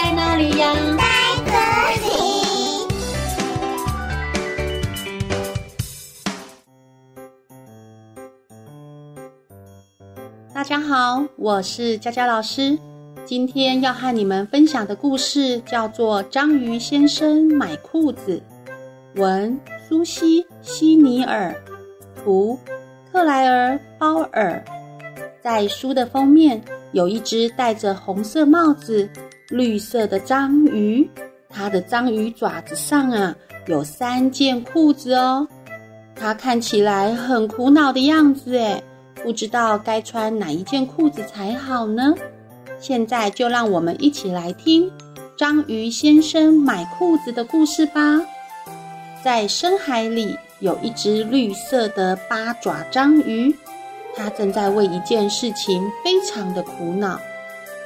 在哪裡呀？在這裡。大家好，我是佳佳老師。今天要和你們分享的故事叫做《章魚先生買褲子》。文：蘇西·西尼爾；圖：克萊爾·鮑爾。在書的封面有一隻戴着紅色帽子。綠色的章魚，它的章魚爪子上啊，有三件褲子哦，它看起來很苦惱的樣子哎，不知道該穿哪一件褲子才好呢？現在就讓我們一起來聽章魚先生買褲子的故事吧。在深海裡有一隻綠色的八爪章魚，它正在為一件事情非常的苦惱，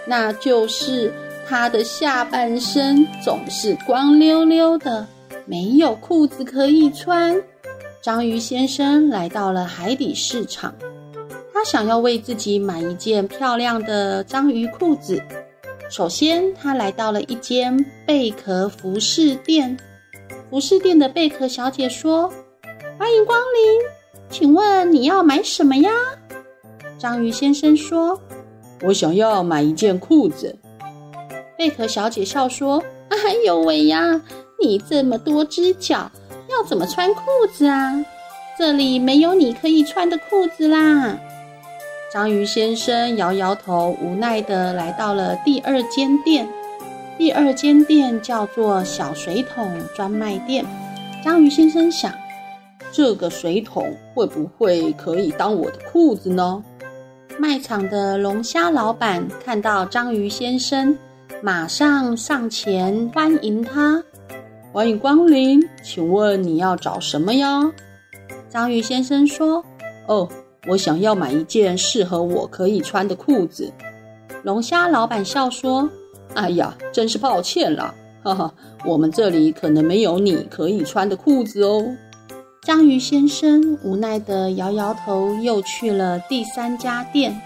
那就是。他的下半身總是光溜溜的，沒有褲子可以穿。章魚先生來到了海底市場，他想要為自己買一件漂亮的章魚褲子。首先，他來到了一間貝殼服飾店。服飾店的貝殼小姐說：“歡迎光臨，請問你要買什麼呀？”章魚先生說：“我想要買一件褲子。”貝殼小姐笑說：“哎呦餵呀，你這麼多隻腳，要怎麼穿褲子啊？這裡沒有你可以穿的褲子啦！”章魚先生搖搖頭，無奈地來到了第二間店。第二間店叫做“小水桶專賣店”。章魚先生想：“這個水桶會不會可以當我的褲子呢？”賣場的龍蝦老板看到章魚先生。馬上上前歡迎他，歡迎光臨，請問你要找什麼呀？章魚先生說：“哦，我想要買一件適合我可以穿的褲子。”龍蝦老板笑說：“哎呀，真是抱歉啦，哈哈，我們這裡可能沒有你可以穿的褲子哦。”章魚先生無奈的搖搖頭，又去了第三家店。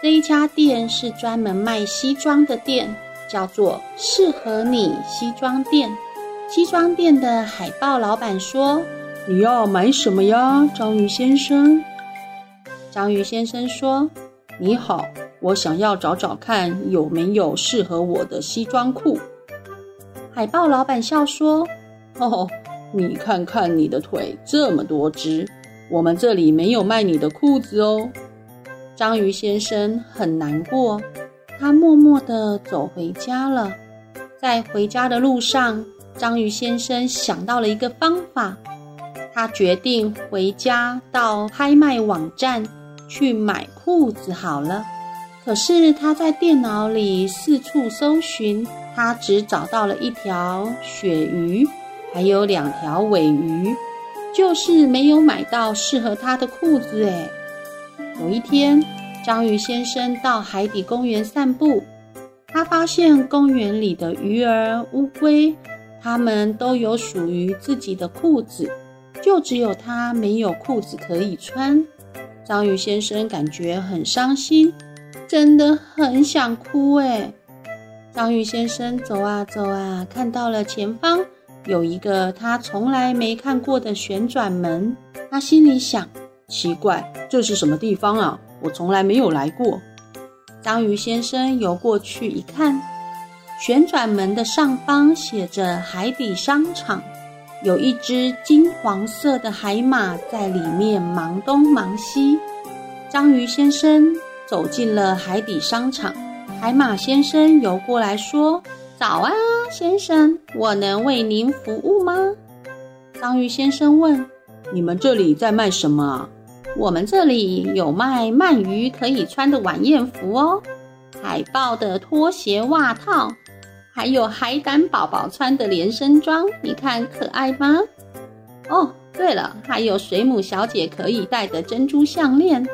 這一家店是專門賣西裝的店。叫做適合你西裝店。西裝店的海豹老板說：“你要買什麼呀，章魚先生？”章魚先生說：“你好，我想要找找看有沒有適合我的西裝褲。”海豹老板笑說：“哦，你看看你的腿這麼多只，我們這裡沒有賣你的褲子哦。”章魚先生很難過。他默默地走回家了，在回家的路上，章魚先生想到了一個方法，他決定回家到拍賣網站去買褲子好了。可是他在電腦裡四處搜尋，他只找到了一條鱈魚，還有兩條鮪魚，就是沒有買到適合他的褲子。誒，有一天。章魚先生到海底公園散步，他發現公園裡的魚兒、烏龜，它們都有屬於自己的褲子，就只有他沒有褲子可以穿。章魚先生感覺很傷心，真的很想哭哎、欸。章魚先生走啊走啊，看到了前方有一個他從來沒看過的旋轉門，他心裡想：奇怪，這是什麼地方啊？我從來沒有來過。章魚先生游過去一看，旋轉門的上方寫着“海底商場”，有一隻金黃色的海馬在裡面忙東忙西。章魚先生走進了海底商場，海馬先生游過來說：“早安，先生，我能為您服務嗎？”章魚先生問：“你們這裡在賣什麼啊？”我們這裡有賣鰻魚可以穿的晚宴服哦，海豹的拖鞋襪套，還有海膽寶寶穿的連身裝，你看可愛嗎？哦，對了，還有水母小姐可以戴的珍珠項鏈。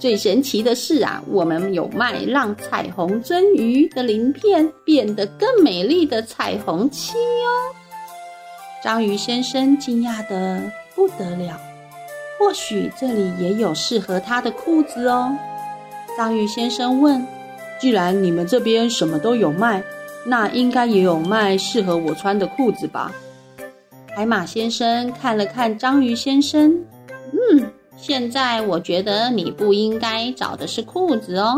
最神奇的是啊，我們有賣讓彩虹鱒魚的鱗片變得更美麗的彩虹漆哦。章魚先生驚訝得不得了。或許這裡也有適合他的褲子哦，章魚先生問：“既然你們這邊什麼都有賣，那應該也有賣適合我穿的褲子吧？”海馬先生看了看章魚先生：“嗯，現在我覺得你不應該找的是褲子哦，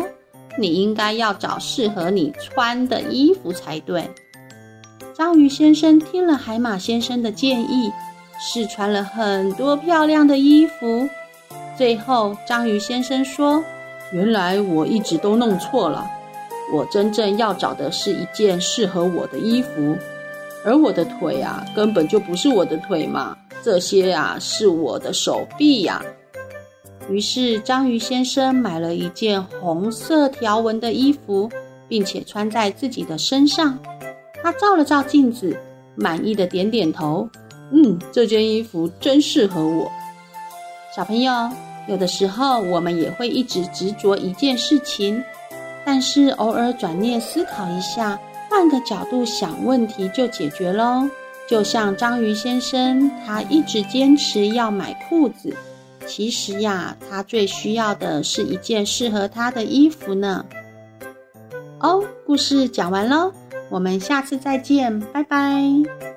你應該要找適合你穿的衣服才對。”章魚先生聽了海馬先生的建議。試穿了很多漂亮的衣服，最後章魚先生說：“原來我一直都弄錯了，我真正要找的是一件適合我的衣服，而我的腿啊，根本就不是我的腿嘛，這些啊是我的手臂呀、啊。”於是章魚先生買了一件紅色條紋的衣服，並且穿在自己的身上。他照了照鏡子，滿意的點點點頭。嗯，這件衣服真適合我。小朋友，有的時候我們也會一直執着一件事情，但是偶爾轉念思考一下，換個角度想，問題就解決嘍。就像章魚先生，他一直堅持要買褲子，其實呀，他最需要的是一件適合他的衣服呢。哦，故事講完嘍，我們下次再見，拜拜。